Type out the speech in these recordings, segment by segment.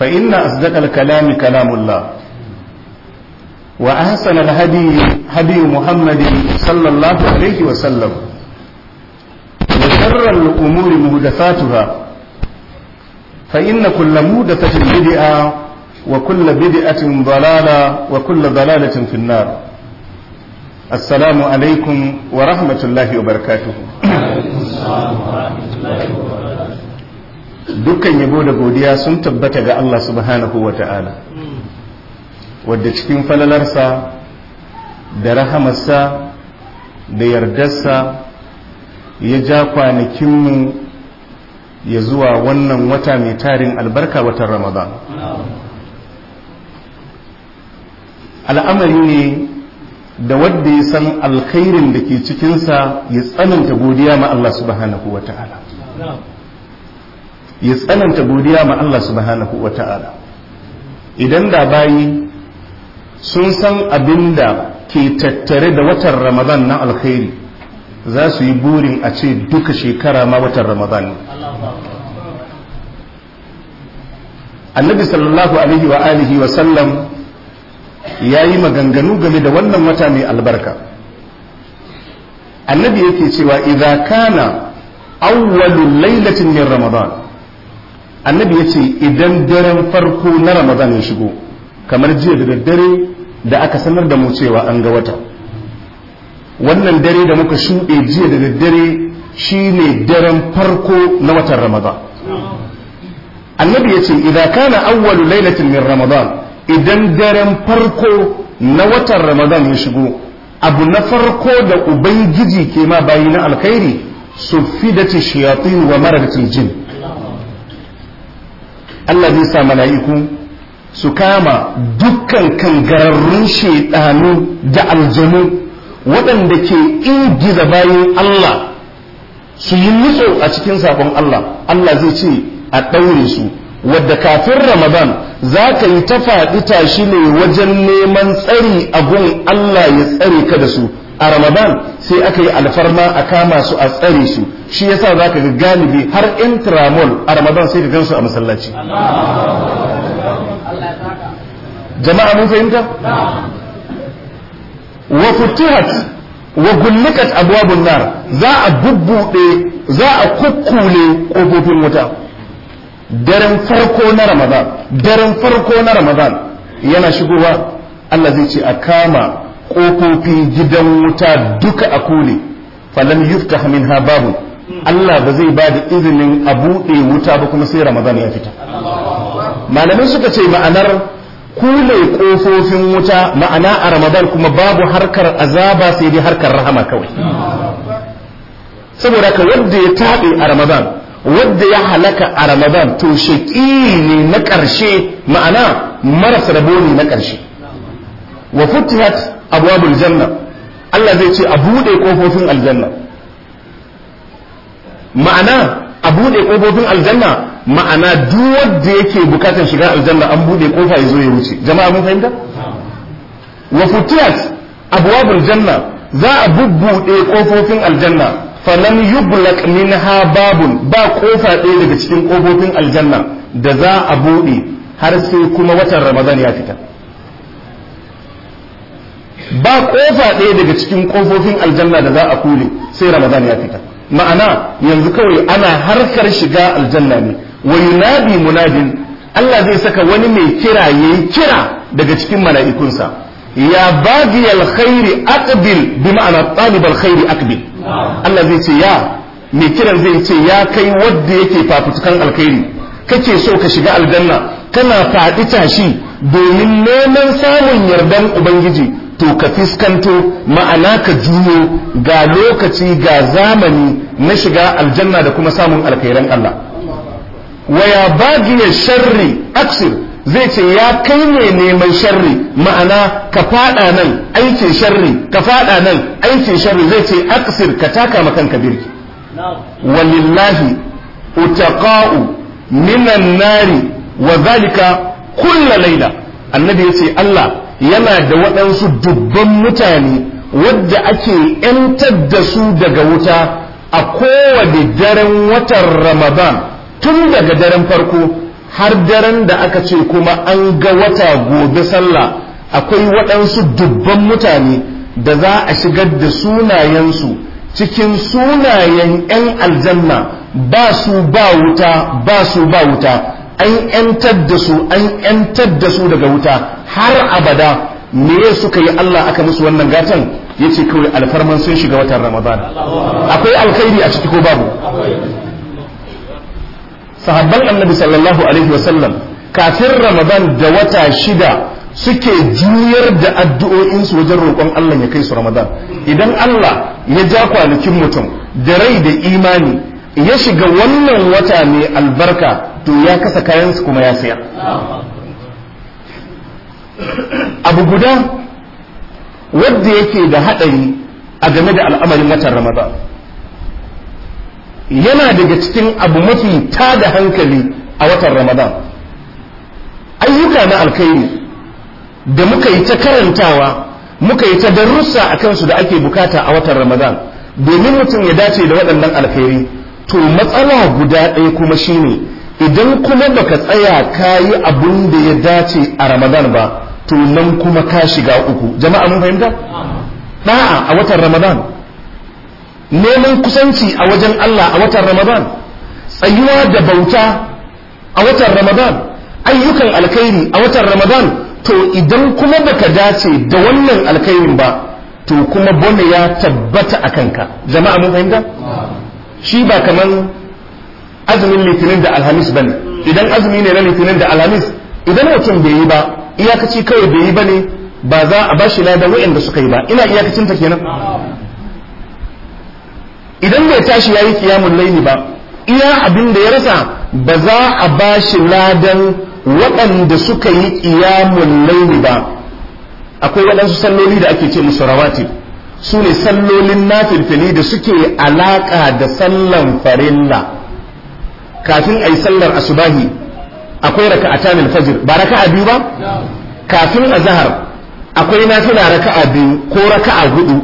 فإن أصدق الكلام كلام الله وأحسن الهدي هدي محمد صلى الله عليه وسلم وشر الأمور مهدفاتها فإن كل مهدفة بدعة وكل بدعة ضلالة وكل ضلالة في النار السلام عليكم ورحمة الله وبركاته السلام ورحمة الله وبركاته dukkan yabo da godiya sun tabbata ga Allah subhanahu wa ta'ala wadda cikin falalarsa da rahamarsa da yardarsa ya ja kwanakinmu ya zuwa wannan wata mai tarin albarka watan ramadan al'amari ne da wadda ya san alkhairin da ke cikinsa ya tsananta godiya ma Allah subhanahu wa ta'ala ya tsananta godiya ma Allah subhanahu wa ta'ala idan da bayi sun san abin da ke tattare da watan ramadan na alkhairi za su yi burin a ce duka shekara ma watan ramadan annabi sallallahu alaihi wa alihi wa sallam ya yi maganganu game da wannan wata mai albarka annabi yake cewa idza kana awwalul lailatin min ramadan annabi ya ce idan daren farko na ramadan ya shigo kamar jiya da daddare da aka sanar da mu cewa an ga wata wannan dare da muka shuɗe jiya da daddare shine daren farko na watan ramadan annabi ya ce idan kana awwalu lailatin min ramadan idan daren farko na watan ramadan ya shigo abu na farko da ubangiji ke ma bayi na alkhairi sufidati shayatin wa maradatil jin Allah zai sa mala'iku su kama dukkan kangararrun shaidanu da aljanu waɗanda ke ingiza bayan Allah su yi nutso a cikin sabon Allah Allah zai ce a ɗaure su wadda kafin ramadan za ka yi ta faɗi tashi ne wajen neman tsari a gun Allah ya tsare ka da su a ramadan sai aka yi alfarma a kama su a tsare su shi yasa za ka ga galibi har intramol a ramadan sai ka gansu a masallaci jama'a mun fahimta wa futuhat wa gullikat abwabun nar za a bubbude za a kukkule kofofin wuta daren farko na ramadan daren farko na ramadan yana shigowa Allah zai ce a kama kofofin gidan wuta duka a kule falam yuftah minha babun Allah ba zai ba da izinin a buɗe wuta ba kuma sai Ramadan ya fita malamai suka ce ma'anar kule ƙofofin wuta ma'ana a Ramadan kuma babu harkar azaba sai dai harkar rahama kawai saboda ka wadda ya taɓe a Ramadan wadda ya halaka a Ramadan to shaƙi ne na ƙarshe ma'ana maras rabo ne na ƙarshe wa futihat abwabul janna Allah zai ce a buɗe ƙofofin aljanna ma'ana a buɗe ƙofofin aljanna ma'ana duk wanda yake bukatar shiga aljanna an buɗe ƙofa ya zo ya wuce jama'a mun fahimta wa futiyat abwabul janna za a bubbuɗe ƙofofin aljanna falan yublaq minha babun ba ƙofa ɗaya daga cikin ƙofofin aljanna da za a buɗe har sai kuma watan ramadan ya fita ba ƙofa ɗaya daga cikin ƙofofin aljanna da za a kule sai ramadan ya fita ma'ana yanzu kawai ana harkar shiga aljanna ne wa yunadi munadin Allah zai saka wani mai kira yayi kira daga cikin mala'ikunsa ya bagi alkhairi aqbil bi ma'ana talib alkhairi aqbil Allah zai ce ya mai kiran zai ce ya kai wanda yake fafutukan alkhairi kake so ka shiga aljanna kana faɗi tashi domin neman samun yardan ubangiji to ka fiskanto ma'ana ka juyo ga lokaci ga zamani na shiga aljanna da kuma samun alkhairan Allah waya bagiya sharri aksir zai ce ya kai ne neman sharri ma'ana ka fada nan aikin sharri ka fada nan aiki sharri zai ce aksir ka taka makan ka birki walillahi utaqa'u minan nari wa zalika kullu layla annabi yace Allah yana da waɗansu dubban mutane wadda ake ‘yantar da su daga wuta a kowane daren watan ramadan tun daga daren farko har daren da aka ce kuma an ga wata gobe sallah akwai waɗansu dubban mutane da za a shigar da sunayensu cikin sunayen ‘yan aljanna ba su ba wuta ba su ba wuta an ‘yantar da su an ‘yantar da su daga wuta har abada me suka yi Allah aka musu wannan gatan ya ce kawai alfarman sun shiga watan Ramadan. akwai alkhairi a ciki ko babu sahabban annabi sallallahu alaihi wasallam kafin ramadan da wata shida suke juyar da addu'o'insu wajen roƙon Allah ya kai su ramadan idan Allah ya ja kwanakin mutum da rai da imani ya shiga wannan wata mai albarka to ya kasa kayansu kuma ya siya abu guda wadda yake da haɗari a game da al'amarin watan ramadan yana daga cikin abu mafi da hankali a watan ramadan ayyuka na alkhairi da muka yi ta karantawa muka yi ta darussa a kansu da ake bukata a watan ramadan domin mutum ya dace da waɗannan alkhairi to matsala guda ɗaya kuma shine idan kuma baka tsaya ka yi abin da ya dace a ramadan ba to nan kuma ka shiga uku jama'a mun fahimta da'a a watan ramadan neman kusanci a wajen Allah a watan ramadan tsayuwa da bauta a watan ramadan ayyukan alkhairi a watan ramadan to idan kuma baka dace da wannan alkhairin ba to kuma bone ya tabbata a kanka jama'a mun fahimta shi ba kaman azumin litinin da alhamis bane idan azumi ne na litinin da alhamis idan mutum bai yi ba iyakaci kawai bai yi bane ba za a bashi ladan waɗanda suka yi ba ina iyakacin ta kenan idan bai tashi ya yi kiyamun laini ba iya abin da ya rasa ba za a bashi ladan waɗanda suka yi kiyamun laini ba akwai waɗansu salloli da ake ce musu rawatib su ne sallolin nafilfili da suke alaƙa da sallan farilla kafin a yi sallar asubahi akwai raka a tamil fajir ba raka a biyu ba kafin zahar akwai na raka a biyu ko raka a hudu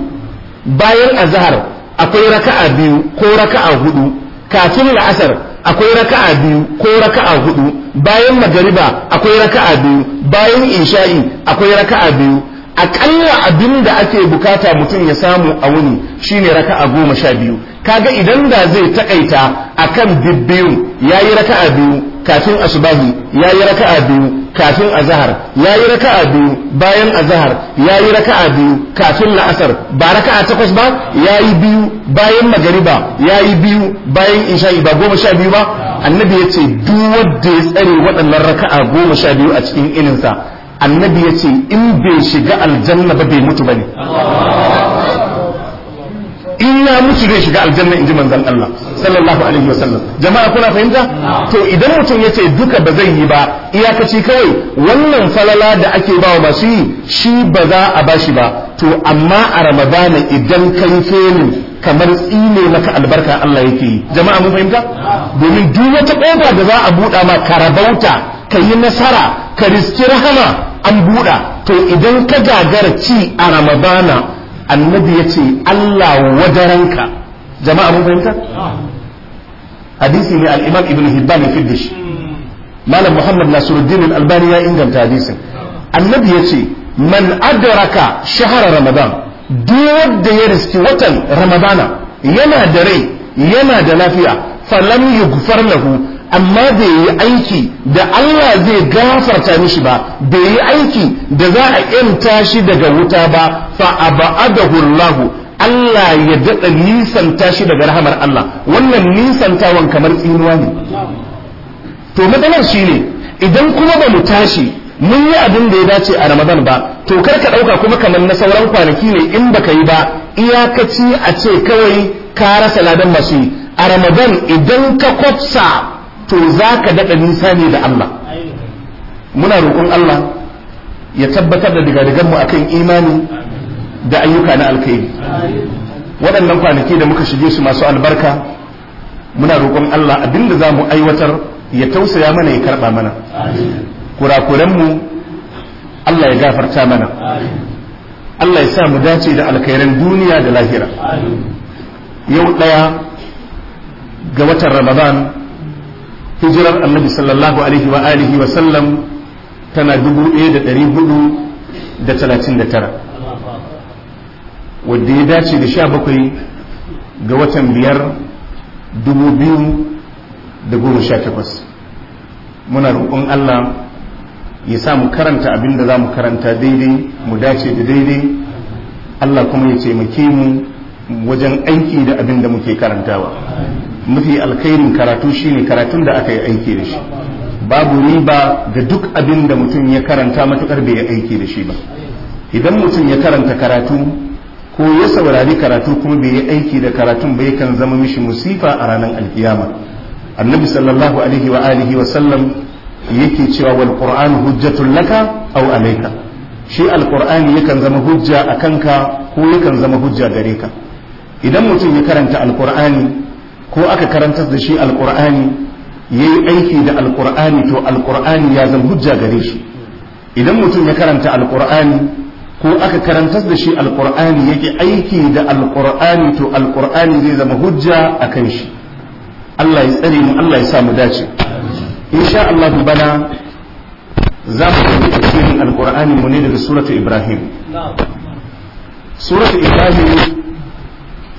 bayan zahar akwai raka a biyu ko raka a hudu kafin la'asar akwai raka a biyu ko raka a hudu bayan magariba akwai raka a biyu bayan isha'i akwai raka a biyu aƙalla abin da ake bukata mutum ya samu a wuni shine raka'a goma sha biyu kaga idan da zai takaita akan bibbiyun yayi raka'a biyu kafin asubahi yayi raka'a biyu kafin azahar ya yi raka'a biyu bayan azahar ya yi raka'a biyu kafin la'asar ba raka'a takwas ba ya yi biyu bayan magariba ya yi biyu bayan isha'i ba goma sha biyu ba annabi ya ce duk wanda ya tsare waɗannan raka'a goma sha biyu a cikin ininsa annabi ya ce in bai shiga aljanna ba bai mutu ba ne in ya mutu zai shiga aljanna in ji manzan Allah sallallahu alaihi wasallam jama'a kuna fahimta to idan mutum ya ce duka ba zai yi ba iyakaci kawai wannan falala da ake ba wa masu yi shi ba za a ba shi ba to amma a ramadana idan kai feni kamar tsine maka albarka Allah yake yi jama'a mun fahimta domin duk wata kofa da za a buɗa ma karabauta ka yi nasara ka riski rahama an buɗa to idan ka gagara ci a ramadana annabi ya ce Allah wadaranka jama'a mun fahimta hadisi ne al-imam ibn hibban ya fidda malam muhammad nasiruddin al-albani ya inganta hadisin annabi ya ce man adraka shahara ramadan duk da ya riski watan ramadana yana da rai yana da lafiya falam yughfar lahu amma bai yi aiki da Allah zai gafarta mishi ba bai yi aiki da za a yanta shi daga wuta ba fa abadahu Allah Allah ya daɗa nisanta shi daga rahamar Allah wannan nisantawan kamar tsinuwa ne to matsalar shi ne idan kuma ba mu tashi mun yi abin da ya dace a Ramadan ba to kar ka ɗauka kuma kamar na sauran kwanaki ne in baka yi ba iyakaci a ce kawai ka rasa ladan masu a Ramadan idan ka kwafsa to za ka daɗa nisa ne da Allah muna roƙon Allah ya tabbatar da digadigan mu akan imani da ayyuka na alkhairi waɗannan kwanaki da muka shige su masu albarka muna roƙon Allah da za mu aiwatar ya tausaya mana ya karɓa mana mu Allah ya gafarta mana Allah ya sa mu dace da alkhairan duniya da lahira yau ɗaya ga watan ramadan hijirar annabi sallallahu alaihi wa alihi wa sallam tana 1439 wadda ya dace da 17 ga watan biyar da takwas. muna roƙon Allah ya sa mu karanta abin da za mu karanta daidai mu dace da daidai Allah kuma ya taimake mu wajen aiki da abin da muke karantawa mafi alkhairin karatu shine karatun da aka yi aiki da shi babu riba ga duk abin da mutum ya karanta matukar bai yi aiki da shi ba idan mutum ya karanta karatu ko ya saurari karatu kuma bai yi aiki da karatun bai kan zama mishi musifa a ranar alkiyama annabi sallallahu alaihi wa alihi wa sallam yake cewa wal qur'an hujjatul laka aw alayka shi alqur'ani yakan zama hujja akanka ko yakan zama hujja gare ka idan mutum ya karanta alkur'ani ko aka karantar da shi alkur'ani ya yi aiki da alkur'ani to alkur'ani ya zama hujja gare shi idan mutum ya karanta alkur'ani ko aka karantar da shi alkur'ani yake aiki da alkur'ani to alkur'ani zai zama hujja a kan shi Allah ya tsare mu Allah ya sa mu dace insha Allah bana za mu yi tafsirin alkur'ani mu ne daga suratu ibrahim suratu ibrahim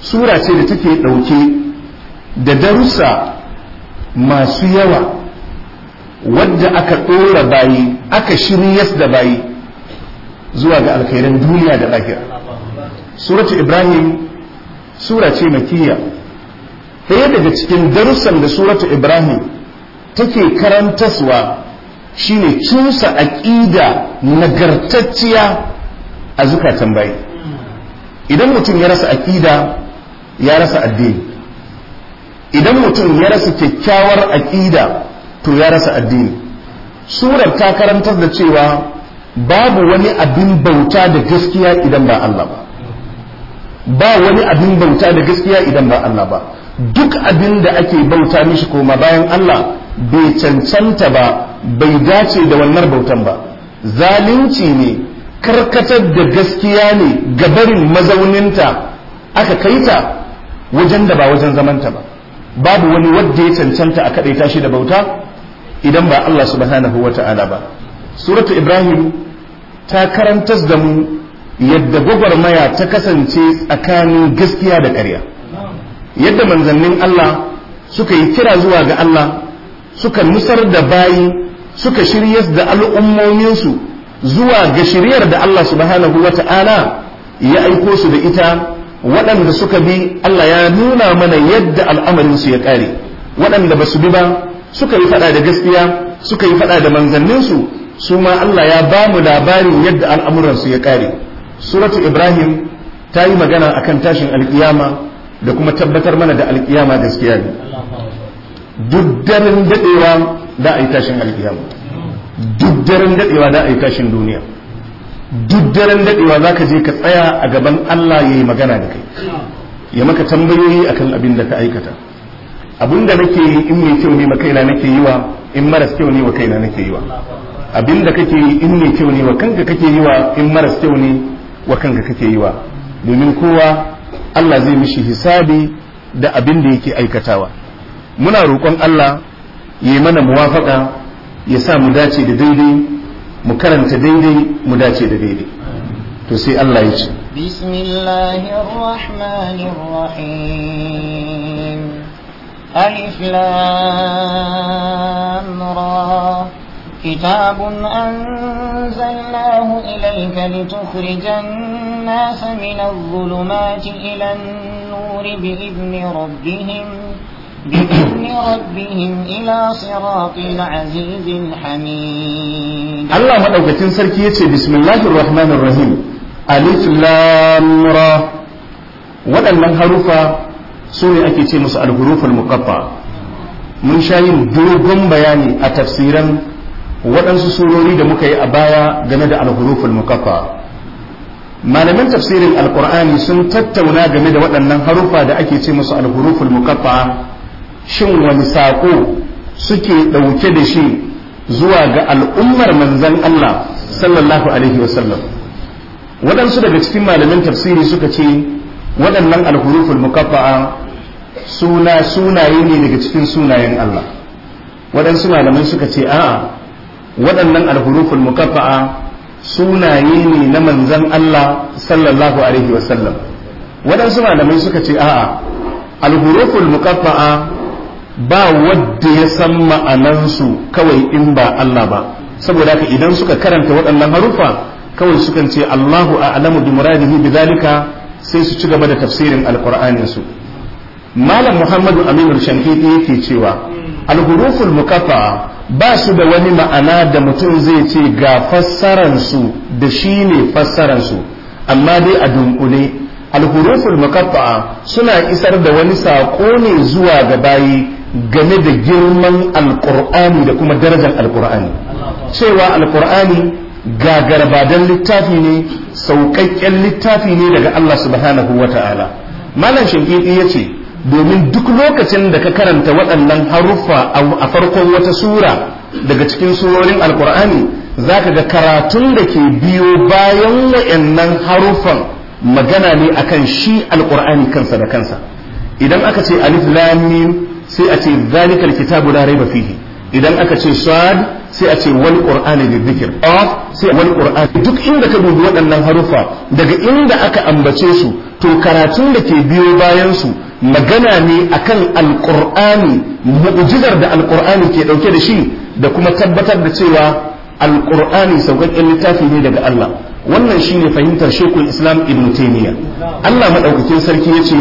sura ce da take ɗauke da darussa masu yawa wadda aka ɗora bayi aka shiryas da bayi zuwa ga alkhairan duniya da lahira suratu ibrahim sura ce makiyya ɗaya daga cikin darussan da suratu ibrahim take karantaswa shine cusa aƙida nagartacciya a zukatan bayi idan mutum ya rasa aƙida ya rasa addini idan mutum ya rasa kyakkyawar aƙida to ya rasa addini surar ta karantar da cewa babu wani abin bauta da gaskiya idan ba Allah ba ba wani abin bauta da gaskiya idan ba Allah ba duk abin da ake bauta mishi koma bayan Allah bai cancanta ba bai dace da wannan bautan ba zalunci ne karkatar da gaskiya ne gabarin mazauninta aka kaita wajen da ba wajen zamanta ba babu wani wadda ya cancanta a kaɗaita shi da bauta idan ba Allah subhanahu wa ta'ala ba suratu ibrahim ta karantar da mu yadda gwagwarmaya ta kasance tsakanin gaskiya da ƙarya yadda manzannin Allah suka yi kira zuwa ga Allah suka nusar da bayi suka shiryar da al'ummominsu zuwa ga shiryar da Allah subhanahu wa ta'ala ya aiko su da ita waɗanda suka bi Allah ya nuna mana yadda al'amarinsu ya ƙare waɗanda ba su bi ba suka yi faɗa da gaskiya suka yi faɗa da manzanninsu su ma Allah ya ba mu labarin yadda al'amuransu ya ƙare suratu ibrahim ta yi magana akan tashin alƙiyama da kuma tabbatar mana da alƙiyama gaskiya ne duk daren daɗewa da a yi tashin alƙiyama duk daren daɗewa da a yi tashin duniya duk daren za ka je ka tsaya a gaban Allah ya yi magana da kai ya maka tambayoyi akan abin da ka aikata abin da nake yi in mai kyau ne ma kaina nake yi wa in maras kyau ne wa kaina nake yi wa abin da kake yi in mai kyau ne wa kanka kake yi wa in maras kyau ne wa kanka kake yi wa domin kowa Allah zai mishi hisabi da abin da yake aikatawa muna roƙon Allah ya yi mana muwafaka ya sa mu dace da daidai mu karanta daidai mu dace da daidai to sai Allah ya ce bismillahir rahmanir rahim alif lam ra كتاب أنزلناه إليك لتخرج الناس من الظلمات إلى النور بإذن ربهم بإذن ربهم إلى صراط العزيز الحميد الله مدوكتين سركية بسم الله الرحمن الرحيم ألف لام را waɗannan harufa su ake ce musu alhuruful muqatta mun sha yin dogon bayani a tafsiran waɗansu surori da muka yi a baya game da alhuruful mukaffa malaman tafsirin alkur'ani sun tattauna game da waɗannan haruffa da ake ce musu alhuruful mukaffa shin wani saƙo suke ɗauke da shi zuwa ga al'ummar manzan Allah sallallahu alaihi wasallam waɗansu daga cikin malamin tafsiri suka ce waɗannan alhuruful mukaffa'a suna sunaye ne daga cikin sunayen Allah waɗansu malamin suka ce a'a waɗannan alhuruful mukaffa'a sunaye ne na manzan Allah sallallahu alaihi wasallam waɗansu malamin suka ce a'a alhuruful mukaffa'a ba wadda ya san ma'anansu kawai in ba Allah ba saboda haka idan suka karanta waɗannan harufa kawai sukan ce Allahu a'lamu bi muradihi bi sai su ci gaba da tafsirin alqur'ani su malam Muhammadu Aminu Shankiti yake cewa alhuruful mukaffa ba su da wani ma'ana da mutum zai ce ga su da shi ne su amma dai a dunkule alhuruful mukaffa suna isar da wani saƙo ne zuwa ga bayi game da girman alkur'ani da kuma darajar alkur'ani cewa alkur'ani gagarbadan littafi ne sauƙaƙƙen littafi ne daga Allah subhanahu wa ta'ala malam shankiki ya ce domin duk lokacin da ka karanta waɗannan haruffa a farkon wata sura daga cikin surorin alkur'ani za ka ga karatun da ke biyo bayan waɗannan haruffan magana ne akan shi alkur'ani kansa da kansa idan aka ce alif lam sai a ce zalikal kitabu la raiba fihi idan aka ce sad sai a ce wal qur'ani bi dhikr of sai wal qur'ani duk inda ka dubi waɗannan harufa daga inda aka ambace su to karatun da ke biyo bayan su magana ne akan alqur'ani mu'jizar da alqur'ani ke dauke da shi da kuma tabbatar da cewa alqur'ani sauƙaƙƙen littafi ne daga Allah wannan shine fahimtar shekul islam ibn taymiya Allah madaukakin sarki yace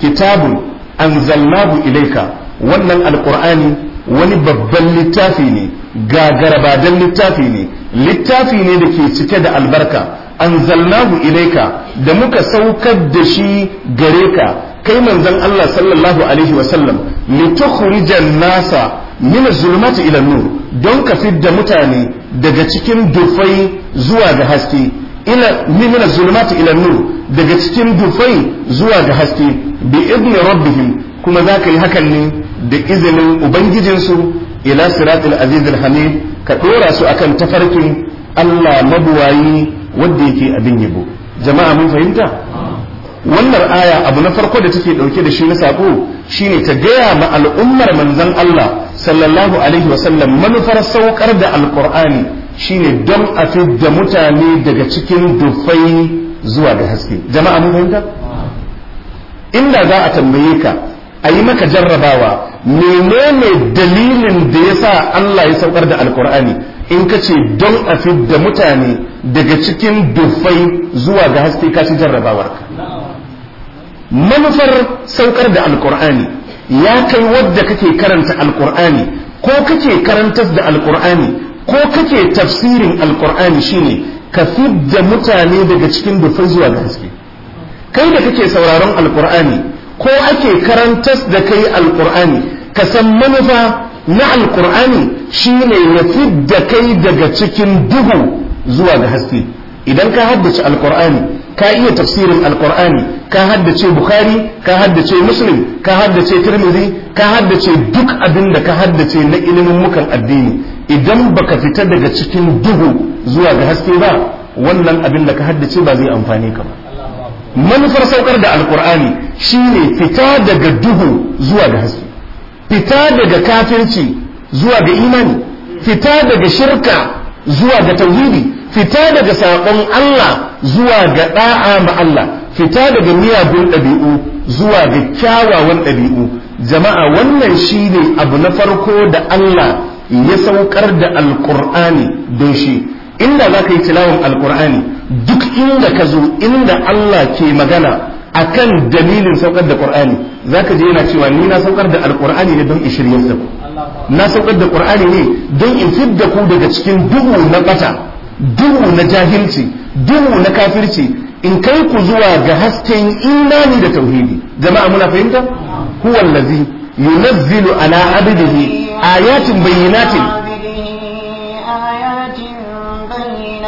kitabun anzalnahu ilayka wannan alkur'ani wani babban littafi ne ga garabadan littafi ne littafi ne da ke cike da albarka anzalnahu ilaika da muka saukar da shi gare ka kai manzon Allah sallallahu alaihi wasallam litukhrijan nasa min zulmati ila nur don ka fidda mutane daga cikin dufai zuwa ga haske ila min zulmati ila nur daga cikin dufai zuwa ga haske bi idni rabbihim kuma zaka yi hakan ne da izinin ubangijinsu ila siratul azizul hamid ka dora su akan tafarkin Allah mabuwayi wanda yake abin yabo jama'a mun fahimta wannan aya abu na farko da take dauke da shi na sako shine ta gaya ma al'ummar manzon Allah sallallahu alaihi sallam manufar saukar da alqur'ani shine don a da mutane daga cikin dufai zuwa ga haske jama'a mun fahimta inda za a tambaye ka a yi maka jarrabawa menene dalilin da ya sa Allah ya saukar da alkur'ani in ka ce don a da mutane daga cikin dufai zuwa ga haske ka ci jarrabawar manufar saukar da alkur'ani ya kai wadda kake karanta alkur'ani ko kake karantar da alkur'ani ko kake tafsirin alkur'ani shine ka da mutane daga cikin dufai zuwa ga haske kai da kake sauraron alkur'ani ko ake karantas da kai alkur'ani ka san manufa na alkur'ani shine ya da kai daga cikin duhu zuwa ga haske idan ka haddace alkur'ani ka iya tafsirin alkur'ani ka haddace bukhari ka haddace muslim ka haddace tirmidhi ka haddace duk abin da ka haddace na ilimin mukan addini idan baka fita daga cikin duhu zuwa ga haske ba wannan abin da ka haddace ba zai amfane ka ba manufar saukar da alkur'ani shine fita daga duhu zuwa ga haske fita daga kafirci zuwa ga imani fita daga shirka zuwa ga tauhidi fita daga saƙon Allah zuwa ga da'a ma Allah fita daga miyagun ɗabi'u zuwa ga kyawawan ɗabi'u jama'a wannan shine abu na farko da Allah ya saukar da alkur'ani don shi inda za ka yi tilawan alkur'ani duk inda ka zo inda Allah ke magana akan dalilin saukar da za zaka je yana cewa ni na saukar da alkur'ani ne don in shiryar da ku na saukar da ƙur'ani ne don in da ku daga cikin duhu na ɓata, duhu na jahilci duhu na kafirci in kai ku zuwa ga hasken imani da tauhidi jama'a muna fahimta huwa allazi yunazzilu ala abdihi ayatin bayyinatin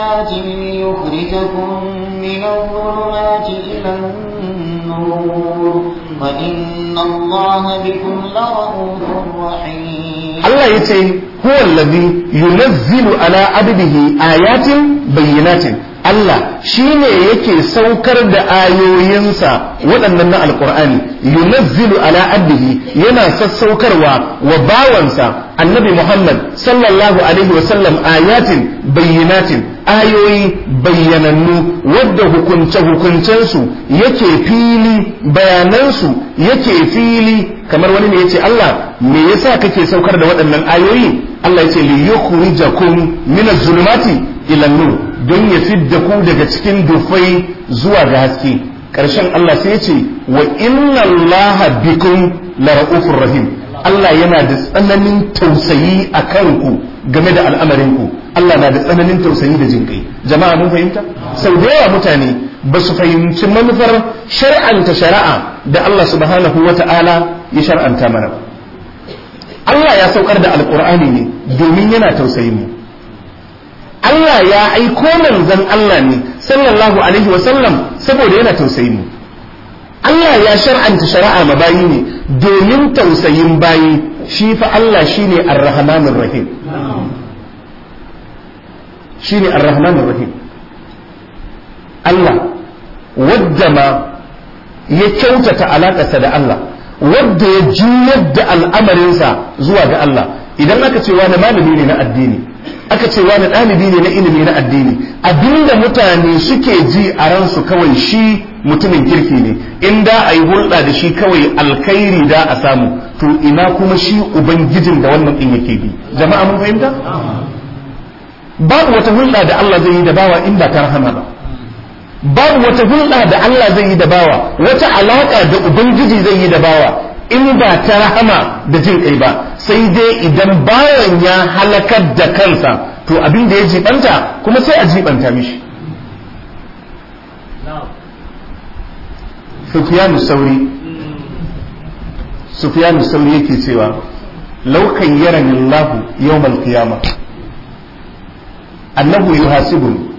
بآيات ليخرجكم من الظلمات إلى النور وإن الله بكم لرؤوف رحيم الله يتي هو الذي ينزل على عبده آيات بينات Allah shi ne yake saukar da ayoyinsa waɗannan na alƙur'ani yunazzilu ala abdihi yana sassaukarwa wa bawansa annabi Muhammad sallallahu alaihi wa sallam ayatin bayyinatin ayoyi bayyanannu wadda hukunce hukuncensu yake fili bayanansu yake fili kamar wani ne yace Allah me yasa kake saukar da waɗannan ayoyi Allah yace li yukhrijakum min zulumati ilan don ya fidda ku daga cikin dufai zuwa ga haske ƙarshen Allah sai ce wa inna Allah bikum la ra'ufur rahim Allah yana da tsananin tausayi a kanku game da al'amarin ku Allah na da tsananin tausayi da kai. jama'a mun fahimta sau da yawa mutane ba su fahimci manufar shar'anta shari'a da Allah subhanahu wata'ala ya shar'anta mana Allah ya saukar da alƙur'ani ne domin yana tausayi mu Allah ya aiko manzon Allah ne sallallahu alaihi wa sallam saboda yana tausayi mu Allah ya shar'anta shari'a ma bayi ne domin tausayin bayi shi fa Allah shine ar-rahmanur rahim shine ar-rahmanur rahim Allah wadda ma ya kyautata alaƙarsa da Allah wadda ya juyar da al'amarinsa zuwa ga Allah idan aka ce na malami ne na addini aka ce wani ɗalibi ne na ilimi na addini abinda mutane suke ji a ransu kawai shi mutumin kirki ne in da a yi hulɗa da shi kawai alkhairi da a samu to ina kuma shi ubangijin da wannan ɗin yake bi jama'a mun fahimta babu wata hulɗa da Allah zai yi da bawa in ba ta rahama ba babu wata hulɗa da Allah zai yi da bawa wata alaƙa da ubangiji zai yi da bawa in ba ta rahama da jin kai ba sai dai idan bayan ya halakar da kansa to abin da ya jibanta kuma sai a jibanta mishi sufiyanu sauri sufiyanu sauri yake cewa laukan yarani lahu yawmal qiyama annahu autu hasibu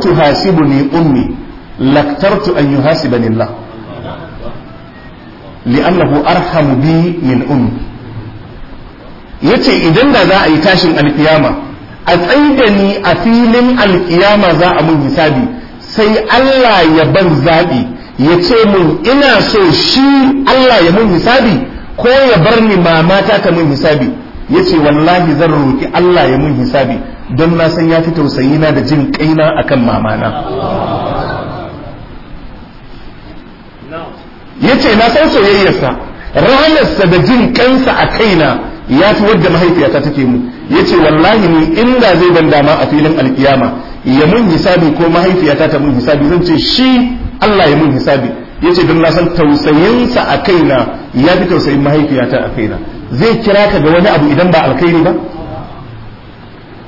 tuhasibuni ummi laktartu an yuhasibani Allah li'annahu arhamu bi min ummi yace idan da za a yi tashin alkiyama a tsaida ni a filin alkiyama za a mun hisabi sai Allah ya ban zaɓi ya ce mun ina so shi Allah ya mun hisabi ko ya bar ni mamata ta mun hisabi yace wallahi zan roƙi Allah ya mun hisabi don na san ya fi tausayina da jin kaina akan mamana yace na san soyayyarsa sa da jin kansa a kaina ya fi wadda mahaifiyata take mu ya ce wallahi ni inda zai ban dama a filin alkiyama ya mun hisabi ko mahaifiyata ta mun hisabi zan ce shi Allah ya mun hisabi ya ce don na san tausayinsa a kaina ya fi tausayin mahaifiyata a kaina zai kira ka ga wani abu idan ba alkhairi ba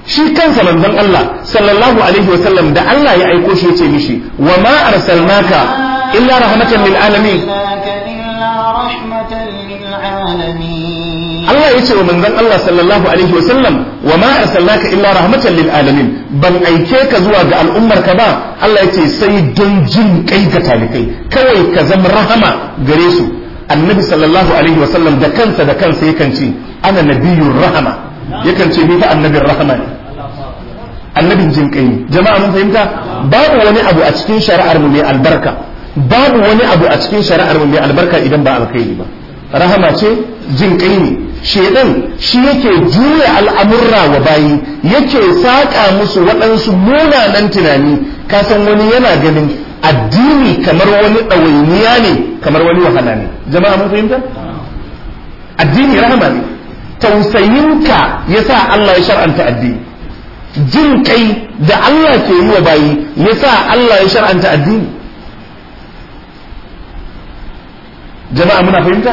shi kansa manzon Allah sallallahu alaihi wasallam da Allah ya aiko shi ya ce mishi wa ma arsalnaka illa rahmatan lil alamin Allah ya ce wa manzon Allah sallallahu alaihi wa sallam wa ma arsalnaka illa rahmatan lil alamin ban aike ka zuwa ga al'ummar ka ba Allah ya ce sai don jin kai ga talikai kawai ka zama rahama gare su annabi sallallahu alaihi wa sallam da kansa da kansa yakan ce ana nabiyyur rahama yakan ce ni fa annabin rahama annabin jin kai jama'a mun fahimta babu wani abu a cikin shari'ar mu mai albarka babu wani abu a cikin shari'ar mu mai albarka idan ba alkhairi ba rahama ce jin kai ne shedan shi yake juya al'amurra wa bayi yake saƙa musu waɗansu munanan tunani kasan wani yana ganin addini kamar wani ɗawainiya ne kamar wani wahala ne jama'a mun fahimta addini rahama ne tausayinka yasa Allah ya shar'anta addini jin kai da Allah ke yi wa bayi yasa Allah ya shar'anta addini jama'a muna fahimta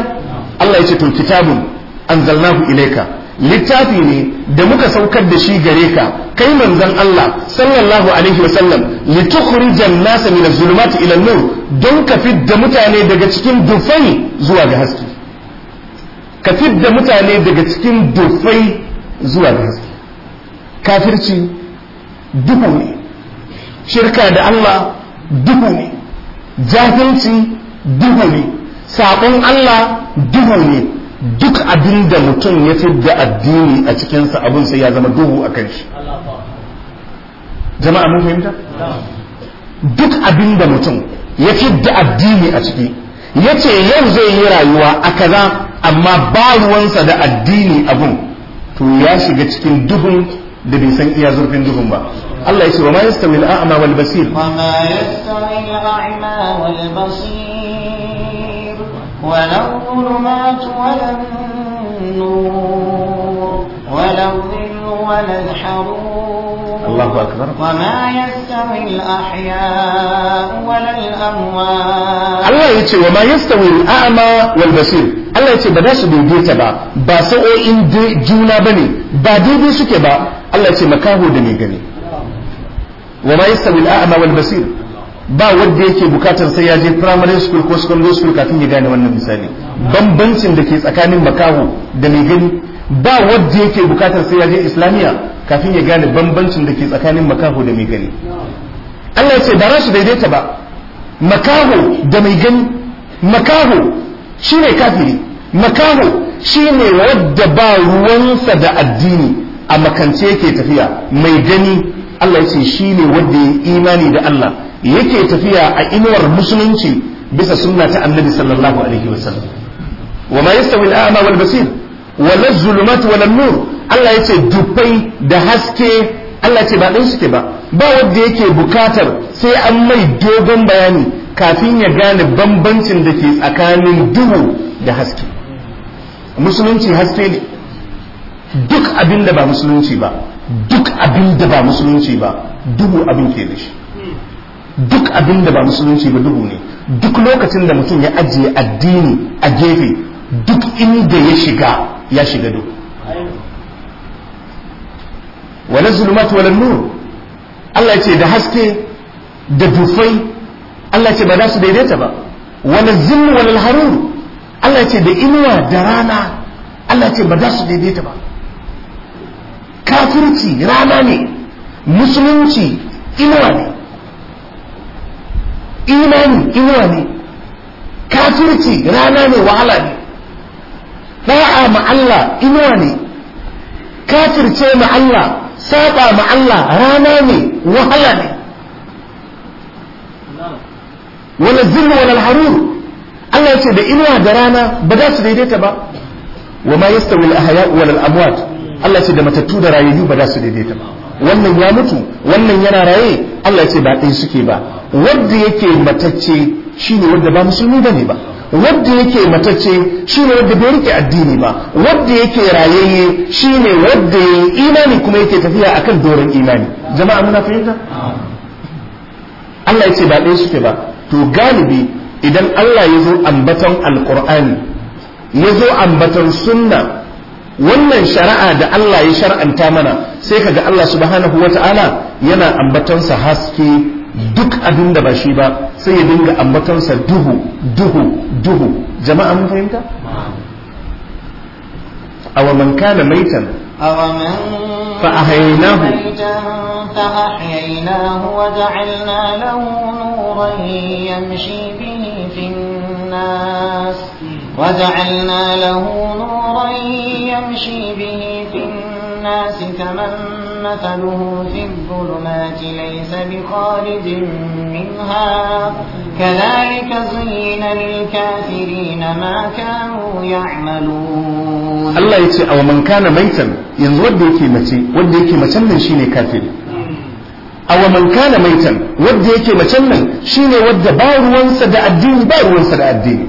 Allah ya ce to kitabun anzalnahu ilaika littafi ne da muka saukar da shi gare ka kai manzon Allah sallallahu alaihi wa sallam litukhrijan nas min az-zulumati ila nur don ka fidda mutane daga cikin dufai zuwa ga haske ka fidda mutane daga cikin dufai zuwa ga haske kafirci duhu ne shirka da Allah duhu ne jahilci duhu ne saƙon Allah duhu ne duk abin da mutum ya fidda addini a cikinsa abin sai ya zama duhu a kan shi jama'a mun fahimta duk abin da mutum ya fidda addini a ciki ya ce yau zai yi rayuwa a kaza amma ba ruwansa da addini abun to ya shiga cikin duhun da bai san iya zurfin duhun ba Allah ya ce wa ma yastawi al-a'ma wal basir wa ma yastawi al-a'ma wal basir ولا الظلمات ولا النور ولا الظل ولا الحرور الله أكبر وما يستوي الأحياء ولا الأموات الله يتي وما يستوي الأعمى والبصير Allah ya ce ba za su daidaita ba ba sa'o'in juna ba ne ba daidai suke ba Allah ya ce makaho da mai gani wa ma yastawi al-a'ma wal basir ba wanda yake bukatar sai ya je primary school ko secondary school kafin ya gane wannan misali bambancin da ke tsakanin makaho da mai gani ba wanda yake bukatar sai ya je islamiya kafin ya gane bambancin da ke tsakanin makaho da mai gani Allah ya ce ba za daidaita ba makaho da mai gani makaho shine kafiri makaho shine wadda ba ruwansa da addini a makance yake tafiya mai gani Allah ya ce shi ne wadda ya imani da Allah yake tafiya a inuwar musulunci bisa sunna ta annabi sallallahu alaihi wasallam wa ma yastawi al-a'ma wal basir wala zulumat wala nur Allah ya ce da haske Allah ce ba ɗin suke ba ba wanda yake bukatar sai an mai dogon bayani kafin ya gane bambancin da ke tsakanin duhu da haske musulunci haske ne duk abin da ba musulunci ba duk abin da ba musulunci ba duhu abin ke da shi duk abin da ba musulunci ba duhu ne duk lokacin da mutum ya ajiye addini a gefe duk inda ya shiga ya shiga duhu wala zulumat wala nur Allah ya ce da haske da dufai Allah ya ce ba za su daidaita ba wala zin wala harur Allah ya ce da inuwa da rana Allah ya ce ba za su daidaita ba kafirci rana ne musulunci inuwa ne imani inuwa ne kafirci rana ne wahala ne da'a ma Allah inuwa ne kafirce ma Allah saba ma Allah rana ne wahala ne wala zillu wala harur Allah ya ce da inuwa da rana ba za su daidaita ba wa ma yasta wani ahya wani amwat Allah ce da matattu da rayayyu ba za su daidaita ba wannan ya mutu wannan yana raye Allah ya ce ba ɗaya suke ba wadda yake matacce shine wadda ba musulmi bane ba wadda yake matacce shine wadda bai rike addini ba wadda yake rayayye shine wadda yayi imani kuma yake tafiya akan doron imani jama'a muna fahimta Allah yace ba ɗaya suke ba to galibi idan Allah ya zo ambaton alkur'ani ya zo ambaton sunna wannan shari'a da Allah ya shar'anta mana sai kaga Allah subhanahu wata'ala yana ambaton sa haske duk abin da ba shi ba sai ya dinga ambatansa duhu duhu duhu jama'a mun fahimta awa man kana maitan fa ahyaynahu fa ahyaynahu wa ja'alna lahu nuran yamshi bihi fin nas wa ja'alna lahu nuran yamshi bihi fin nas kaman مثله في الظلمات ليس بخارج منها كذلك زين للكافرين ما كانوا يعملون الله يتي أو من كان ميتا ينزود ديكي متي وديكي متنن شيني كافري awa man kana maitan wadda yake macen nan shine wadda ba ruwansa da addini ba ruwansa da addini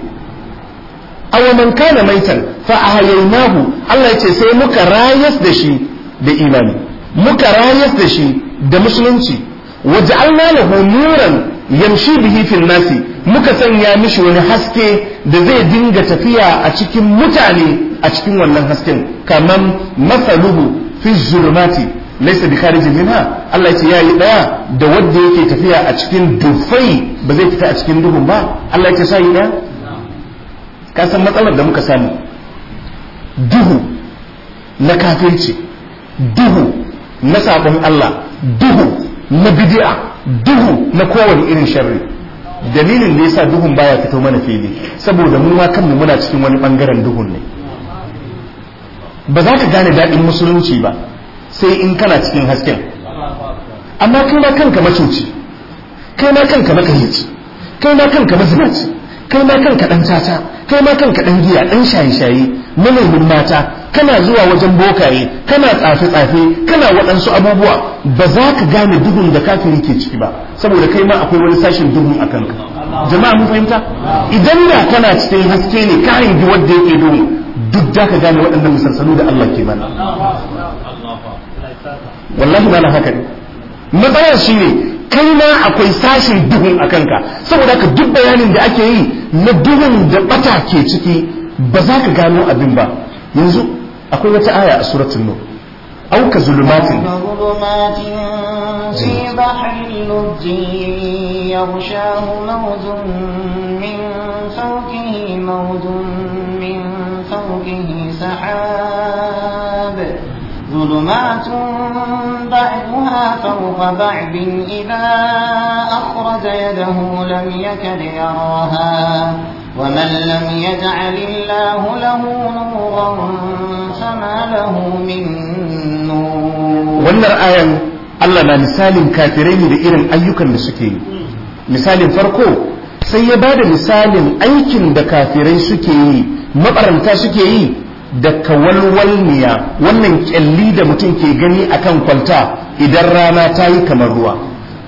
awa man kana maitan fa ahyaynahu Allah ya ce sai muka rayas da shi da imani muka rayar da shi da musulunci waje Allah lahu nuran yamshi bihi fil nasi muka sanya mishi wani haske da zai dinga tafiya a cikin mutane a cikin wannan hasken kaman masaluhu fi zulumati laisa bi kharijin minha Allah ya ce yayi daya da wanda yake tafiya a cikin dufai ba zai fita a cikin duhun ba Allah ya ce sai daya ka san matsalar da muka samu duhu na kafirci duhu na sabon Allah duhu na bidi'a duhu na kowane irin sharri dalilin da sa duhun baya fito mana fili saboda mu ma kanmu muna cikin wani bangaren duhun ne ba za ka gane daɗin musulunci ba sai in kana cikin hasken amma kai ma kanka macuci kai ma kanka makahici kai ma kanka mazinaci kai ma kanka dan caca kai ma kanka dan giya dan shaye-shaye manomin mata kana zuwa wajen bokaye kana tsafe-tsafe kana waɗansu abubuwa ba za ka gane duhun da kafiri ke ciki ba saboda kai ma akwai wani sashen duhun a kanka jama'a mun fahimta idan da kana cikin haske ne ka hangi wanda yake duhu duk da ka gane waɗannan misalsalu da Allah ke mana wallahi ba na haka ne matsalar shi ne kai ma akwai sashin duhun a kanka saboda haka duk bayanin da ake yi na duhun da bata ke ciki ba za ka gano abin ba yanzu akwai wata aya a suratun nur auka كظلمات ظلمات في بحر لج يغشاه موج ظلمات بعضها فوق بعض إذا أخرج يده لم يكد يراها ومن لم يجعل الله له نورا فما له من نور wannan ayan Allah na misalin kafirai ne da irin ayyukan da suke yi misalin farko sai ya ba da misalin aikin da kafirai suke yi mabaranta suke yi da kawalwalniya wannan kyalli da mutum ke gani akan kwanta idan rana ta yi kamar ruwa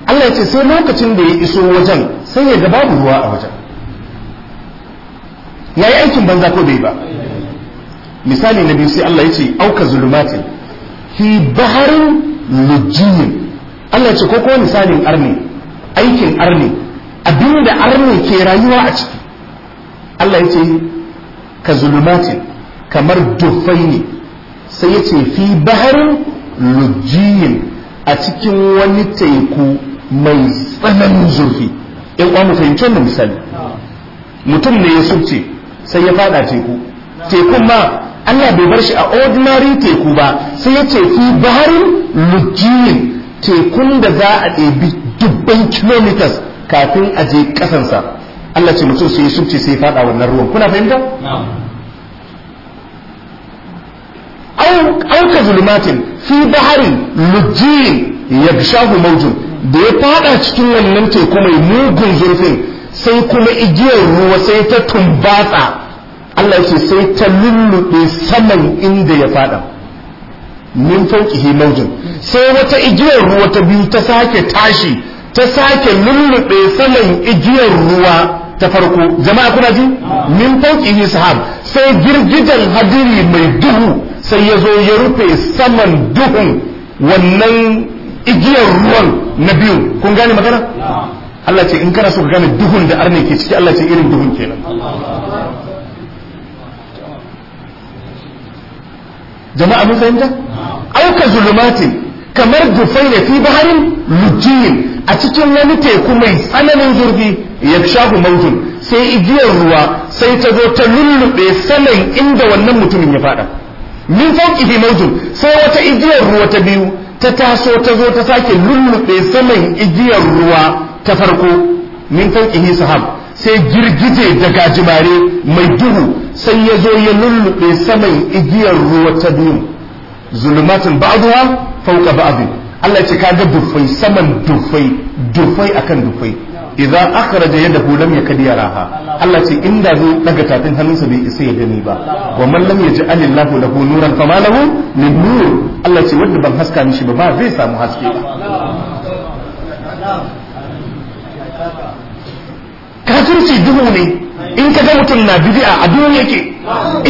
Allah ya ce sai lokacin da ya iso wajen sai ya ga babu ruwa a wajen ya yi aikin banza ko bai ba misali na biyu sai Allah ya ce auka zulumatin fi baharin lujiyin Allah ya ce ko misalin arni aikin arni abinda arni ke rayuwa a ciki Allah ya ce ka zulumatin kamar dufai ne sai ya ce fi baharin lujiyin a cikin wani teku mai tsananin zurfi in uwa fahimci wannan misali mutum ne ya subce sai ya fada teku tekun ma Allah bai bar shi a ordinary teku ba sai ya ce fi baharin lujiyin tekun da za a ɗebi dubban kilomitas kafin a je ƙasansa Allah ce mutum sai ya subce sai ya fada wannan ruwan kuna fahimta auka zulmatin fi baharin lujjin shahu maujun da ya fada cikin wannan teku mai mugun zurfin sai kuma igiyar ruwa sai ta tumbatsa Allah ce sai ta lullube saman inda ya fada min fauqihi maujun sai wata igiyar ruwa ta biyu ta sake tashi ta sake lullube saman igiyar ruwa ta farko jama'a kuna ji min fauqihi sahab sai girgijar hadiri mai duhu sai ya zo ya rufe saman duhun wannan igiyar ruwan na biyu kun gane magana Allah ce in kana so ka gane duhun da arne ke ciki Allah ce irin duhun kenan jama'a mun fahimta auka zulumati kamar dufai da fi baharin lujiyin a cikin wani teku mai tsananin zurfi ya shahu mautun sai igiyar ruwa sai ta zo ta lullube saman inda wannan mutumin ya fada min fawqihi mawjun sai wata igiyar ruwa ta biyu ta taso ta zo ta sake lullube saman igiyar ruwa ta farko min fawqihi sahab sai girgije da gajimare mai duhu sai ya zo ya lullube saman igiyar ruwa ta biyu zulumatin ba'daha fauka ba'd Allah ce ga dufai saman dufai dufai akan dufai idza akhraja yadahu lam yakad yaraha Allah ce inda zai daga tafin hannunsa bai isa ya gani ba wa man lam yaj'al Allahu lahu nuran fama lahu min nur Allah ce wanda ban haska mishi ba ba zai samu haske ba kafirci duhu ne in ka ga mutum na bid'a a duhu yake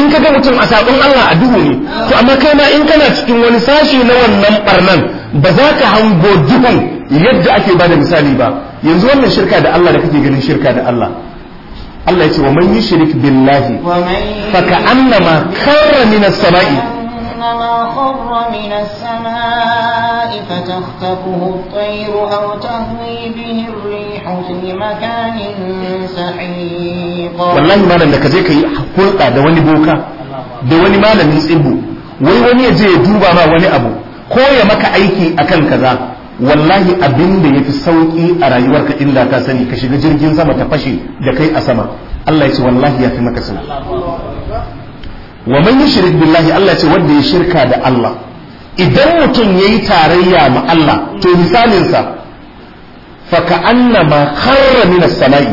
in ka ga mutum a sabon Allah a duhu ne to amma kai ma in kana cikin wani sashi na wannan barnan ba za ka hango duhun yadda ake bada misali ba yanzu wannan shirka da Allah da kake ganin shirka da Allah Allah ya ce wa man yushrik billahi fa annama kharra min as-sama'i كأنما خر من السماء فتخطفه الطير أو تهوي به الريح في مكان سحيق والله ما لن كزي كي da wani boka da wani malamin tsibu, wai wani ya je ya duba ma wani abu koya maka aiki akan kaza wallahi abin da ya fi sauƙi a rayuwarka inda ka sani ka shiga jirgin sama ta fashe da kai a sama Allah ya ce wallahi ya fi maka sana wa man yushrik billahi Allah ya ce wanda ya shirka da Allah idan mutum yayi tarayya ma Allah to misalin sa fa ka'annama kharra min as-sama'i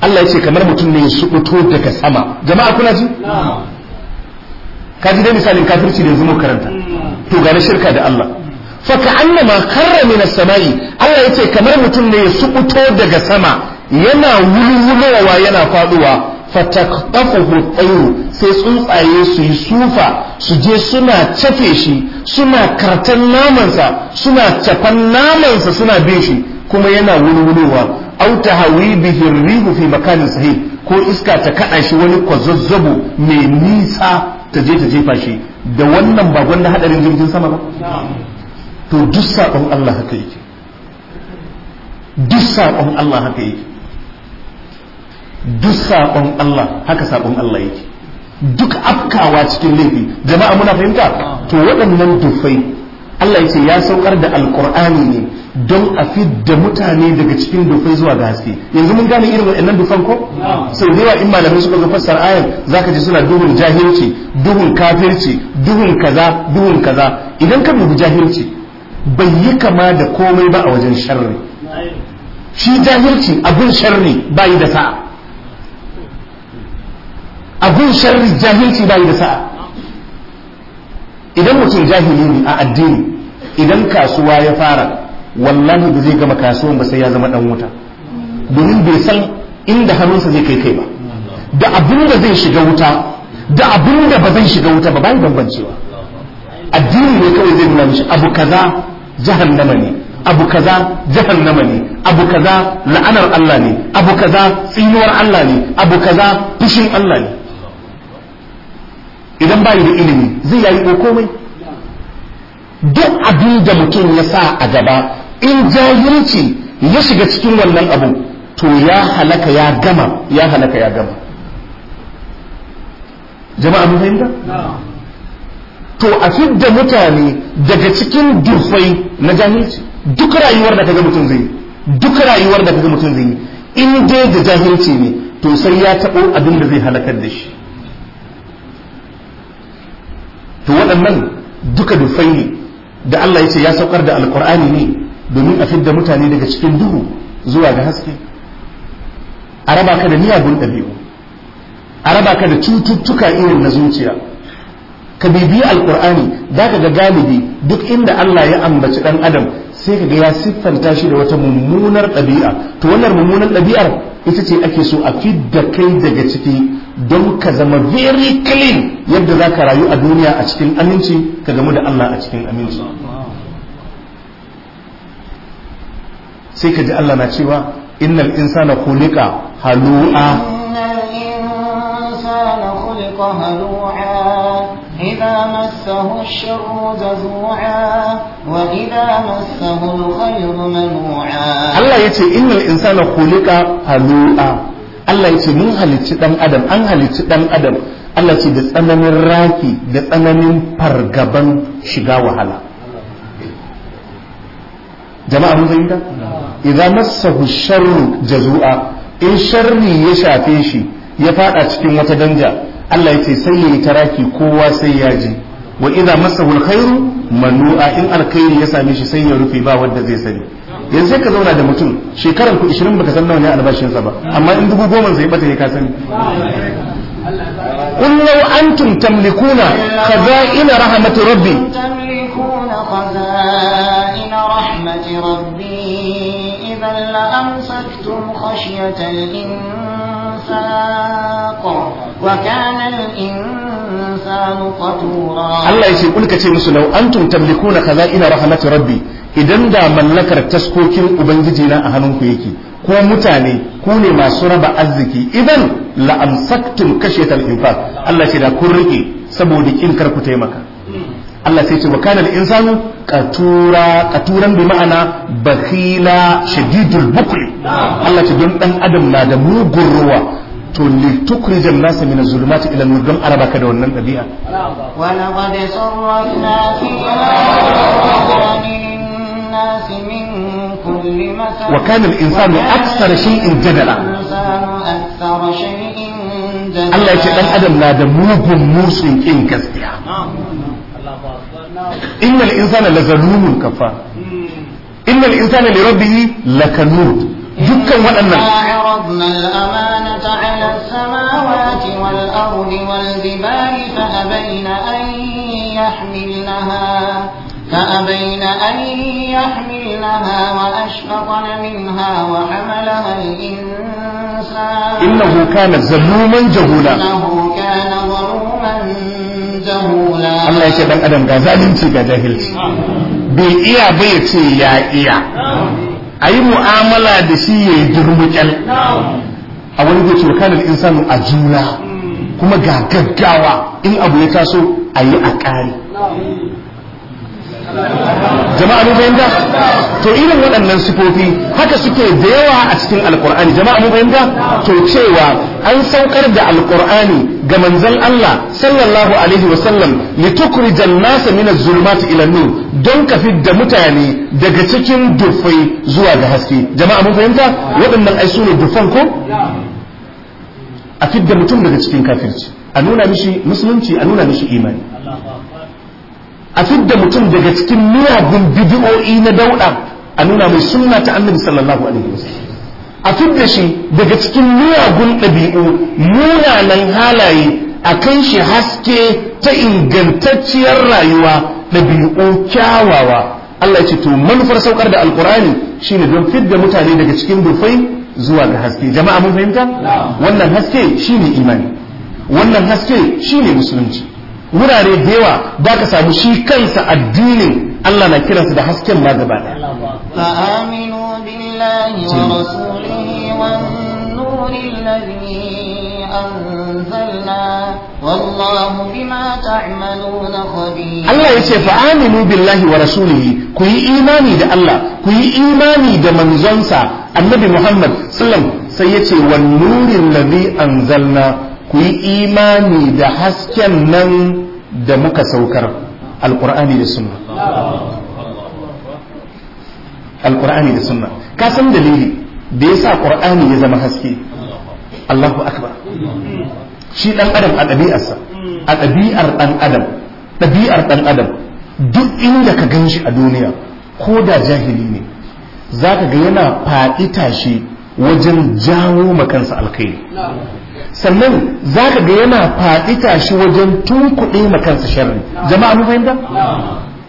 Allah ya ce kamar mutum ne ya subuto daga sama jama'a kuna ji ka ji dai misalin kafirci da yanzu mu karanta to ga shirka da Allah faka annama karra min samai Allah ce kamar mutum ne ya subuto daga sama yana wulwulowa yana faduwa fataktafuhu tsayu sai tsuntsaye su yi sufa su je suna cafe shi suna kartan namansa suna cafan namansa suna bin shi kuma yana wulwulowa au tahawi bihi rihu fi makanin sahi ko iska ta kaɗa shi wani kwazazzabo mai nisa ta je ta jefa shi da wannan ba gwanda haɗarin jirgin sama ba to duk saƙon Allah haka yake duk saƙon Allah haka yake duk saƙon Allah haka saƙon Allah yake duk afkawa cikin laifi jama'a muna fahimta to waɗannan dufai Allah ce ya saukar da alkur'ani ne don a fidda mutane daga cikin dufai zuwa ga haske yanzu mun gane irin waɗannan dufan ko sau da yawa in malamai suka zo fassar ayan zaka ji suna duhun jahilci duhun kafirci duhun kaza duhun kaza idan ka dubi jahilci bai yi kama da komai ba a wajen sharri shi jahilci abun sharri bayi da sa'a abun sharri jahilci bayi da sa'a idan mutum jahili ne a addini idan kasuwa ya fara wallahi da zai gama kasuwan ba sai ya zama dan wuta domin bai san inda hannunsa zai kai kai ba da abin da zai shiga wuta da abin da ba zai shiga wuta ba bayan bambancewa addini ne kawai zai nuna mishi abu kaza jahannama ne abu kaza jahannama ne abu kaza la'anar Allah ne abu kaza tsinuwar Allah ne abu kaza fushin Allah ne idan bayi da ilimi zai yayi ko komai duk abin da mutum ya sa a gaba in jahilci ya shiga cikin wannan abu to ya halaka ya gama ya halaka ya gama jama'a mun fahimta to a fidda mutane daga cikin dufai na jahilci duk rayuwar da kaga mutum zai duk rayuwar da kaga mutum zai in dai da jahilci ne to sai ya taɓo abin da zai halakar da shi to waɗannan duka dufai ne da Allah ya ce ya saukar da alkur'ani ne domin a fidda mutane daga cikin duhu zuwa ga haske a raba ka da miyagun ɗabi'u a raba ka da cututtuka irin na zuciya ka bibi alkur'ani za ka ga galibi duk inda Allah ya ambaci dan adam sai ka ga ya siffanta shi da wata mummunar ɗabi'a to wannan mummunar ɗabi'ar ita ce ake so a fidda kai daga ciki don ka zama very clean yadda za ka rayu a duniya a cikin aminci ka gamu da Allah a cikin aminci sai ka ji Allah na cewa innal insana khuliqa halu'a innal insana khuliqa halu'a إذا مسه الشر جزوعا وإذا مسه الخير منوعا الله يتي إن الإنسان خلق هلوعا الله يتي من هلتي دم أدم أن هلتي دم أدم Allah ce da tsananin raki da tsananin fargaban shiga wahala jama'a mun fahimta idan massahu sharru jazu'a in sharri ya shafe shi ya fada cikin wata danja Allah ya sai yayi taraki kowa sai ya ji wa idza masahu alkhairu manu'a in alkhairi ya same shi sai ya rufe ba wanda zai sani yanzu ka zauna da mutum shekaran ku 20 baka san nawa ne albashinsa ba amma in dubu goma zai bata ne ka sani قل لو أنتم تملكون خزائن رحمة ربي تملكون خزائن رحمة ربي إذا لأمسكتم خشية الإنسان allah ya ce kulka ce musu كتير سلو أنتم kaza ina رحمة idan da mallakar taskokin ubangiji na a hannun ku yake ko mutane ku ne masu raba arziki idan la'amsaktum kashe infaq Allah ya ce da kun rike saboda kin kar ku taimaka Allah sai ce wa kana insanu qatura qaturan bi ma'ana bakhila shadidul bukhl Allah ya ce don dan adam na da mugun ruwa to litukrijan nasu min zulumati ila nur don araba ka da wannan dabi'a wala qad sarrafna fi وكان الإنسان أكثر شيء جدلا Allah ya ce ɗan adam na da mugun musun kin gaskiya innal insana la zalumun kafa innal insana li rabbih lakanud dukkan waɗannan فأبين أن يحملنها وأشفقن منها وحملها الإنسان إنه كان ظلوما جهولا إنه كان ظلوما جهولا الله يشهد أن أدم قال ظالم ga jahilci bai iya bai ce ya iya a yi mu'amala da shi ya yi a wani zai ce kanin a juna kuma ga gaggawa in abu ya taso ayi yi a ƙari jama'a mun fahimta to irin waɗannan sifofi haka suke da yawa a cikin alkur'ani jama'a mun fahimta to cewa an saukar da alkur'ani ga manzon Allah sallallahu alaihi wa wasallam litukhrijan nasa min az-zulumati ila nur don ka da mutane daga cikin dufai zuwa ga haske jama'a mun fahimta waɗannan ai sune dufan ko a fidda mutum daga cikin kafirci a nuna mishi musulunci a nuna mishi imani a fidda mutum daga cikin miyagun bidi'o'i na dauɗa a nuna mai sunna ta annabi sallallahu alaihi wa sallam. a da shi daga cikin miyagun ɗabi'u munanan halaye a kan shi haske ta ingantacciyar rayuwa ɗabi'u kyawawa Allah ce to manufar saukar da alkurani shine don fidda mutane daga cikin dufai zuwa ga haske jama'a mun fahimta wannan haske shine imani wannan haske shine musulunci wurare da yawa da ka samu shi kansa addinin Allah na kiransa da hasken ma gaba ɗaya الله ورسوله والنور الذي أنزلنا والله بما تعملون خبير الله يسي فآمنوا بالله ورسوله كي إيماني دا الله كي إيماني دا منزنسا النبي محمد صلى الله عليه وسلم سيتي والنور الذي أنزلنا ku yi imani da hasken nan da muka saukar alkur'ani da sunna alqur'ani da sunna ka san dalili da yasa qur'ani ya zama haske Allahu akbar shi dan adam a sa, a ɗabi'ar dan adam ɗabi'ar dan adam duk inda ka gan shi a duniya ko da jahili ne za ka ga yana faɗi tashi wajen jawo makansa alkhairi sannan za ka ga yana faɗi tashi wajen tunkuɗe makansa sharri jama'a mu fahimta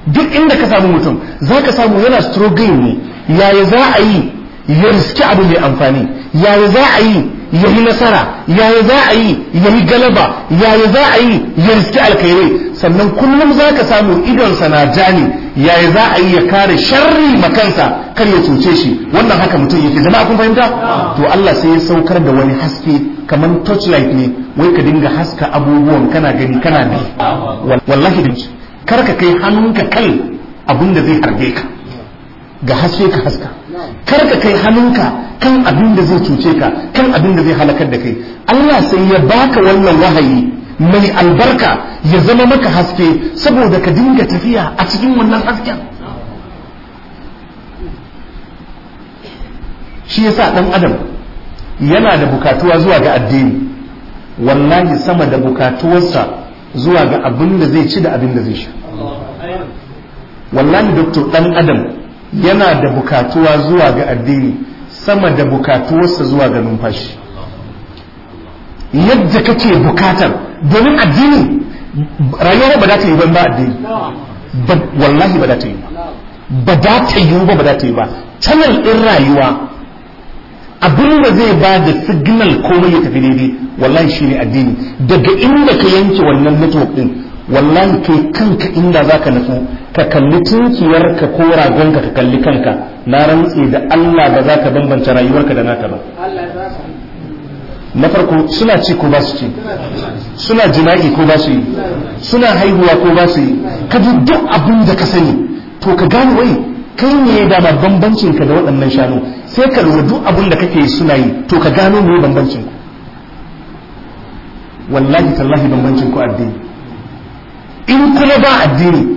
duk inda ka samu mutum za ka samu yana struggling ne yaya za a yi ya riski abu mai amfani yaya za a yi ya yi nasara yaya za a yi ya yi galaba yaya za a yi ya riski alkhairai sannan kullum za ka samu idonsa na jani yaya za a yi ya kare sharri makansa kar ya cuce shi wannan haka mutum ya yake zama kun fahimta to Allah sai ya saukar da wani haske kamar torchlight ne wai ka dinga haska abubuwan kana gani kana ne wallahi dinci kar ka kai hannunka kan abin da zai harbe ka ga haske ka haska kar ka kai hannunka kan abin da zai cuce ka kan abin da zai halakar da kai Allah sai ya baka wannan wahayi mai albarka ya zama maka haske saboda ka dinga tafiya a cikin wannan hasken shi yasa dan adam yana da bukatuwa zuwa ga addini wallahi sama da bukatuwarsa zuwa ga abin da zai ci da abin da zai sha wallahi doktor dan adam yana da bukatuwa zuwa ga addini sama da bukatuwarsa zuwa ga numfashi yadda kake bukatar domin addini rayuwa ba za ta yi ban ba addini wallahi ba za ta yi ba ba za ta yi ba ba za ta yi ba channel in rayuwa abin da zai ba da signal komai ya tafi daidai wallahi ne addini daga inda ka yanke wannan network din wallahi kai kanka inda zaka nutsu ka kalli tunkiyar ka ko ragonka ka kalli kanka na rantse da Allah ba za ka rayuwarka da nata ba na farko suna ci ko ba su ci suna jima'i ko ba su yi suna haihuwa ko ba su yi ka duk abin da ka sani to ka gane wai kai ne da ba bambancin ka da waɗannan shanu sai ka lura duk abin da kake suna yi to ka gano me bambancin ku wallahi tallahi bambancin ku addini in kuma ba addini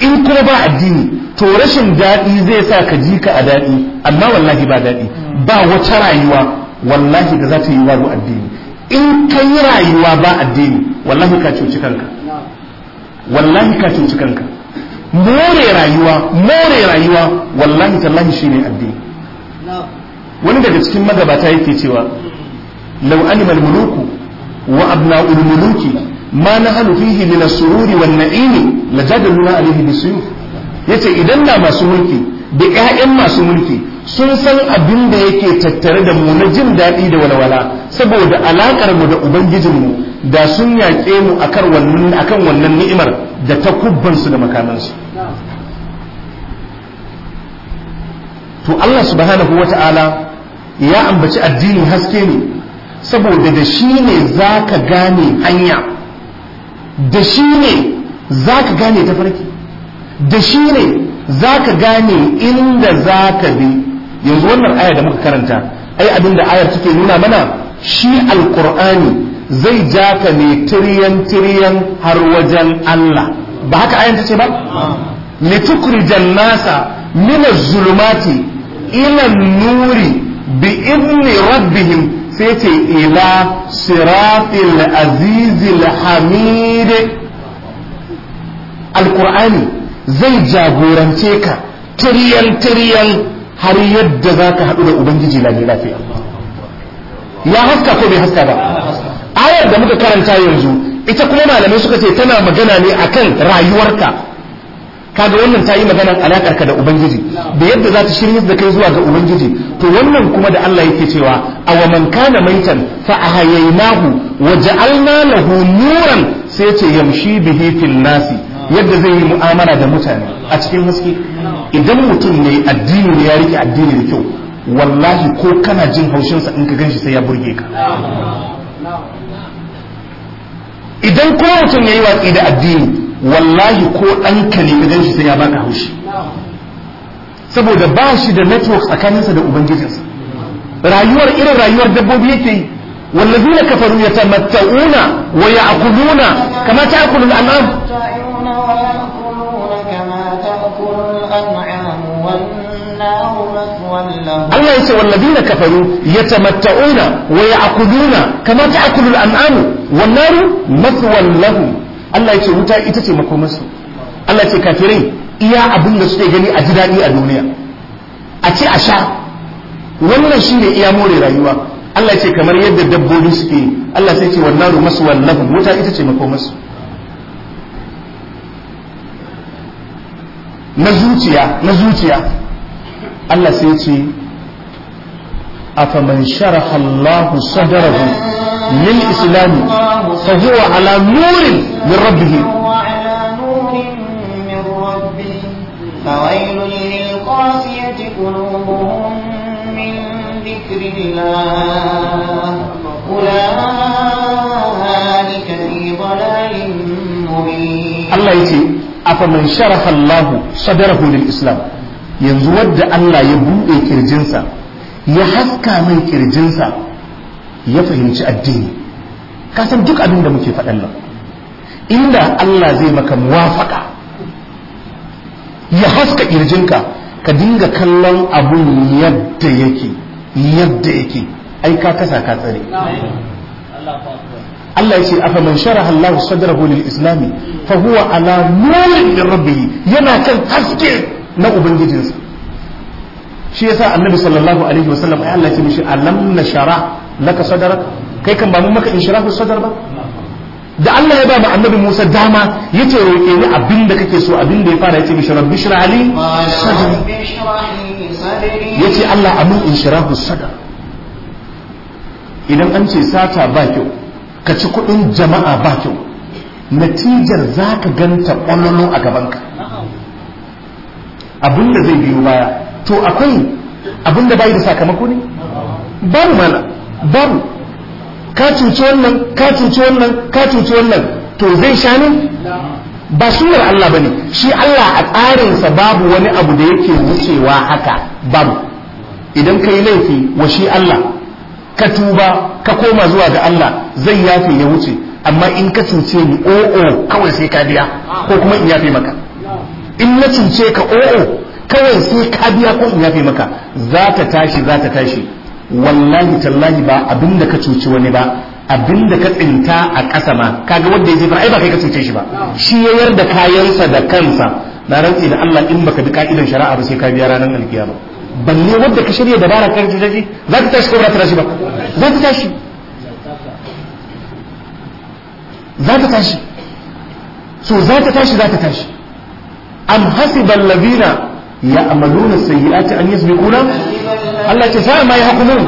in kuma ba addini to rashin daɗi zai sa ka ji ka a daɗi amma wallahi ba daɗi ba wata rayuwa wallahi da za ta yi wa addini in ka yi rayuwa ba addini wallahi ka cuci kanka wallahi ka cuci kanka more rayuwa more rayuwa wallahi tallahi shine addini wani daga cikin magabata yake cewa law alima muluku wa abna'ul muluki ma nahanu fihi min as-sururi wan na'imi lajadaluna alayhi bisuyuf yace idan na masu mulki da ƴaƴan masu mulki sun san abin da yake tattare da mu na jin daɗi da walwala saboda alaƙar mu da ubangijinmu da sun yaƙe mu akan wannan wannan ni'imar da ta kubbansu da makamansu to Allah subhanahu wata'ala ya ambaci addini haske ne saboda da shi ne za ka gane hanya da shi ne za ka gane tafarki da shi ne za ka gane inda za ka bi yanzu wannan aya da muka karanta ai abin da ayar take nuna mana shi alkur'ani zai ja ka ne tiriyan tiriyan har wajen Allah ba haka ayan tace ba litukhrijan nasa min az-zulumati ila an-nuri bi idni rabbihim sai ce ila siratil azizil hamid alkur'ani zai jagorance ka tiriyan tiriyan har yadda za ka haɗu da ubangiji lami lafiya ya haska ko bai haska ba ayar da muka karanta yanzu ita kuma malamai suka ce tana magana ne akan rayuwarka kaga wannan ta yi maganar alaƙarka da ubangiji da yadda za ta shirya da kai zuwa ga ubangiji to wannan kuma da Allah yake cewa a wa man kana maitan fa ahayaynahu wa ja'alna lahu nuran sai ce yamshi bihi fil nasi yadda zai yi mu'amala da mutane a cikin haske idan mutum ne addini ne ya rike addini da kyau wallahi ko kana jin haushinsa in ka ganshi sai ya burge ka idan ko mutum ya yi watsi da addini wallahi ko ɗanka ne ka ganshi sai ya baka haushi saboda ba shi da network tsakaninsa da ubangijinsa rayuwar irin rayuwar dabbobi yake yi والذين waya يتمتعون ويأكلون كما تأكل an'am يأكلون ويأكلون كما تأكل الأنعام والنار مثوى لهم الله يسوى الذين كفروا يتمتعون ويأكلون كما تأكل الأنعام والنار مثوى لهم wuta ita ce makomarsu allah ya ce kafirai iya abin da suke gani a ji daɗi a duniya a ce a sha wannan shi ne iya more rayuwa Allah ya ce kamar yadda dabbobi suke Allah sai ce wannan rumasu wallahu wuta ita ce makomarsu na zuciya na zuciya Allah sai ce afaman sharaha Allah sadarahu lil islami fa huwa ala nurin min rabbih فويل للقاسية قلوبهم afaman sharaha Allah sadarahu lil Islam yanzu wadda Allah ya buɗe kirjinsa ya haska mai kirjinsa ya fahimci addini kasan duk abin da muke faɗan nan inda Allah zai maka muwafaka ya haska kirjinka ka dinga kallon abun yadda yake yadda yake ai ka kasa ka tsare Allah ya ce afa man sharaha Allahu sadrahu lil islam fa huwa ala nurin min rabbih yana kan haske na ubangijinsa shi yasa annabi sallallahu alaihi wasallam ai Allah ya ce mishi alam nashara laka sadrak kai kan ba mun maka inshirahu sadar ba da Allah ya ba mu annabi Musa dama yace roƙe ni abinda da kake so abin da ya fara yace mishi rabbi shrah li sadri yace Allah amin inshirahu sadar idan an ce sata ba kyau ka ci kuɗin jama'a ba kyau natijar za ka ganta ƙwallolo a gabanka abin zai biyo baya to akwai abin da bai da sakamako ne babu mana babu ka cuci wannan ka cuci wannan ka cuci wannan to zai sha ne ba sunar Allah bane shi Allah a tsarinsa babu wani abu da yake wucewa haka babu idan ka yi laifi wa shi Allah ka tuba ka koma zuwa ga Allah zai yafe ya wuce amma in ka cuce ni o'o oh, oh, kawai sai ka biya ko kuma in yafe maka in na cuce ka o'o oh, kawai sai ka biya ko in yafe maka za ta tashi za ta tashi wallahi tallahi ba abinda ka cuci wani ba abinda ka tsinta a ƙasa ma kaga wanda ya jefa ai ba kai ka cuce shi ba shi ya yarda kayansa da kansa na rantsi da Allah in baka bi ka'idan shari'a ba sai ka biya ranar alkiyama balle wanda ka shirya dabara kan da tashi za ta tashi ko ba ta tashi ba za ta tashi za ta tashi so za ta tashi za ta tashi am hasibal ladina ya'maluna sayyi'ati an yasbiquna Allah ce sa'a ma yahkumun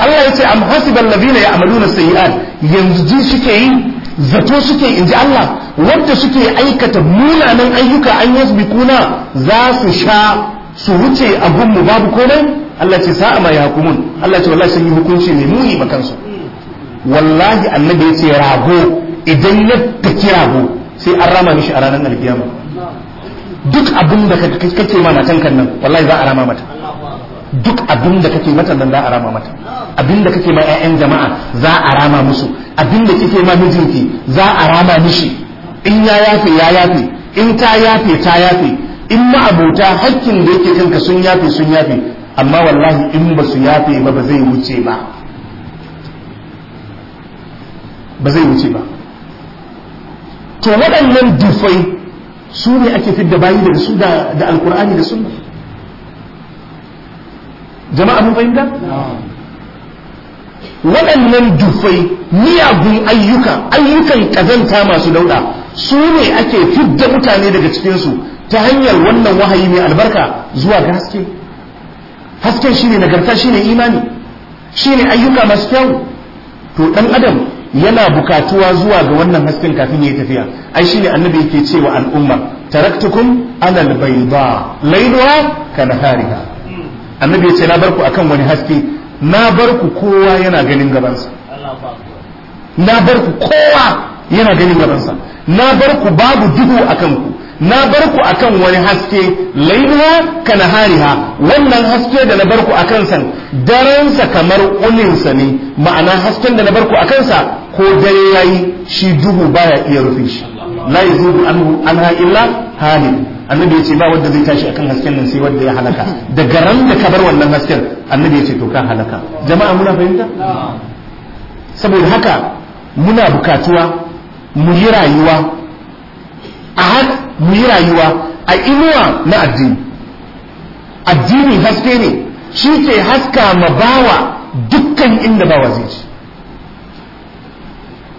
Allah ya ce am hasibal ladina ya'maluna sayyi'at yanzu ji suke yi zato suke inji Allah wadda suke aikata munanan ayyuka an kuna za su sha su wuce a gunmu babu komai Allah ce sa'a ma yahkumun Allah ce wallahi sun yi hukunci ne muni ba kansu. wallahi annabi ya ce rago idan ya tafi rago sai an rama mishi a ranar alkiyama duk abin da kake ma matan kan nan wallahi za a rama mata duk abin da kake mata nan za a rama mata abin da kake ma 'ya'yan jama'a za a rama musu abin da kike ma mijinki za a rama mishi in ya yafe ya yafe in ta yafe ta yafe in ma'abuta hakkin da yake kanka sun yafe sun yafe amma wallahi in ba su yafe ba ba zai wuce ba ba zai wuce ba to waɗannan dufai su ne ake fidda bayi da su da alkur'ani da sunna jama'a mun fahimta waɗannan dufai miyagun ayyuka ayyukan kazanta masu dauɗa su ne ake fidda mutane daga cikinsu ta hanyar wannan wahayi mai albarka zuwa ga haske hasken shi ne nagarta shi ne imani Shi ne ayyuka masu kyau to ɗan adam yana bukatuwa zuwa ga wannan hasken kafin ya tafiya ai shine annabi yake cewa al'umma taraktukum alal bayda laylaha nahariha annabi ya ce na barku akan wani haske na barku kowa yana ganin gabansa na barku kowa yana ganin gabansa na bar ku babu duhu a kanku na bar ku akan wani haske lailuha ka hariha wannan haske da na bar ku akan san daransa kamar uninsa ne ma'ana hasken da na bar ku akan sa ko dare yayi shi duhu baya iya rufin shi la yuzubu anhu anha illa halin. annabi ya ce ba wanda zai tashi akan hasken nan sai wanda ya halaka da garan da ka bar wannan hasken annabi ya ce to ka halaka jama'a muna fahimta saboda haka muna bukatuwa Muyi rayuwa a har muyi rayuwa a inuwa na addini addini haske ne shi ke haska ma bawa dukkan inda bawa zai ci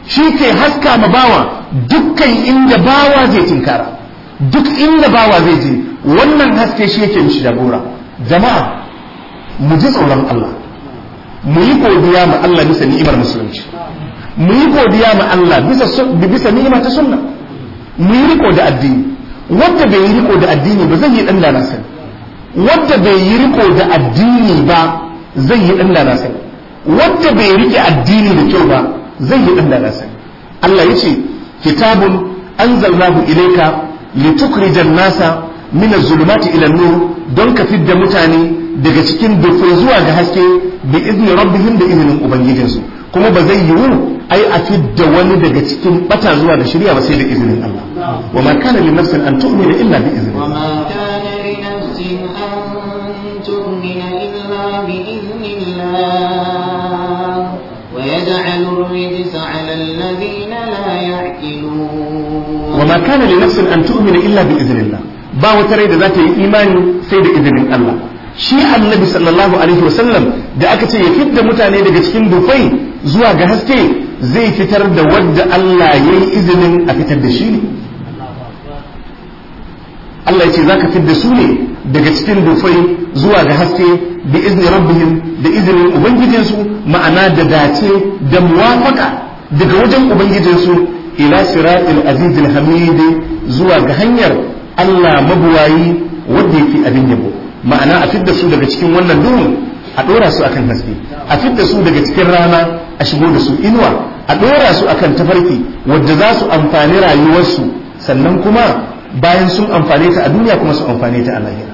shi ke haska ma bawa dukkan inda bawa zai tinkara duk inda bawa zai je wannan haske shi yake mishi jagora jama'a mu ji tsoron Allah mu yi godiya ma Allah bisa ni'imar musulunci mu yi godiya ma Allah bisa ni'ima ta sunna mu yi riko da addini wanda bai yi riko da addini ba zai yi dan lana sani wanda bai yi riko da addini ba zai yi dan lana sani wanda bai rike addini da kyau ba zai yi dan lana Allah Allah yace kitabun anzalnahu ilayka litukhrijan nasa min az-zulumati ila nur don ka fidda mutane daga cikin dufe zuwa ga haske bi izni rabbihim da izinin ubangijinsu kuma ba zai yiwu ai a fidda wani daga cikin bata zuwa da shirya ba sai da izinin Allah wa ma kana li nafsin an tu'mina illa bi izni wa ma kana li nafsin an tu'mina illa bi iznillah wa yaj'alu ar-rijsa 'ala alladhina la ya'qilun wa ma kana li nafsin an tu'mina illa bi iznillah ba wata rai da za ta yi imani sai da izinin Allah shi annabi sallallahu alaihi wasallam da aka ce ya fidda mutane daga cikin dufai zuwa ga haske zai fitar da wadda Allah ya yi izinin a fitar da shi ne Allah ya ce za ka fitar da su ne daga cikin dufai zuwa ga haske da izinin rabbihim da izinin ubangijinsu ma'ana da dace da muwafaka daga wajen ubangijinsu ila siratil azizil hamid zuwa ga hanyar Allah mabuwayi wadda yake abin yabo ma'ana a fitar da su daga cikin wannan duhun a ɗora su akan haske a fidda su daga cikin rana a shigo da su inuwa a ɗora su akan tafarki wadda za su amfani rayuwarsu sannan kuma bayan sun amfane ta a duniya kuma su amfane ta a lahira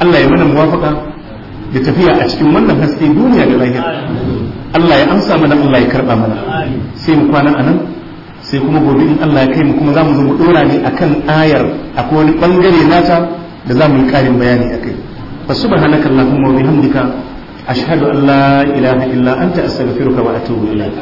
Allah ya mana muwafaka da tafiya a cikin wannan haske duniya da lahira Allah ya amsa mana Allah ya karɓa mana sai mu kwana a nan sai kuma gobe in Allah ya kai mu kuma za mu zo mu ɗora ne akan ayar akwai wani bangare nata da za mu yi ƙarin bayani a kai fa subhanaka allahumma wa hamdika ashhadu an la ilaha illa anta astaghfiruka wa atubu ilayk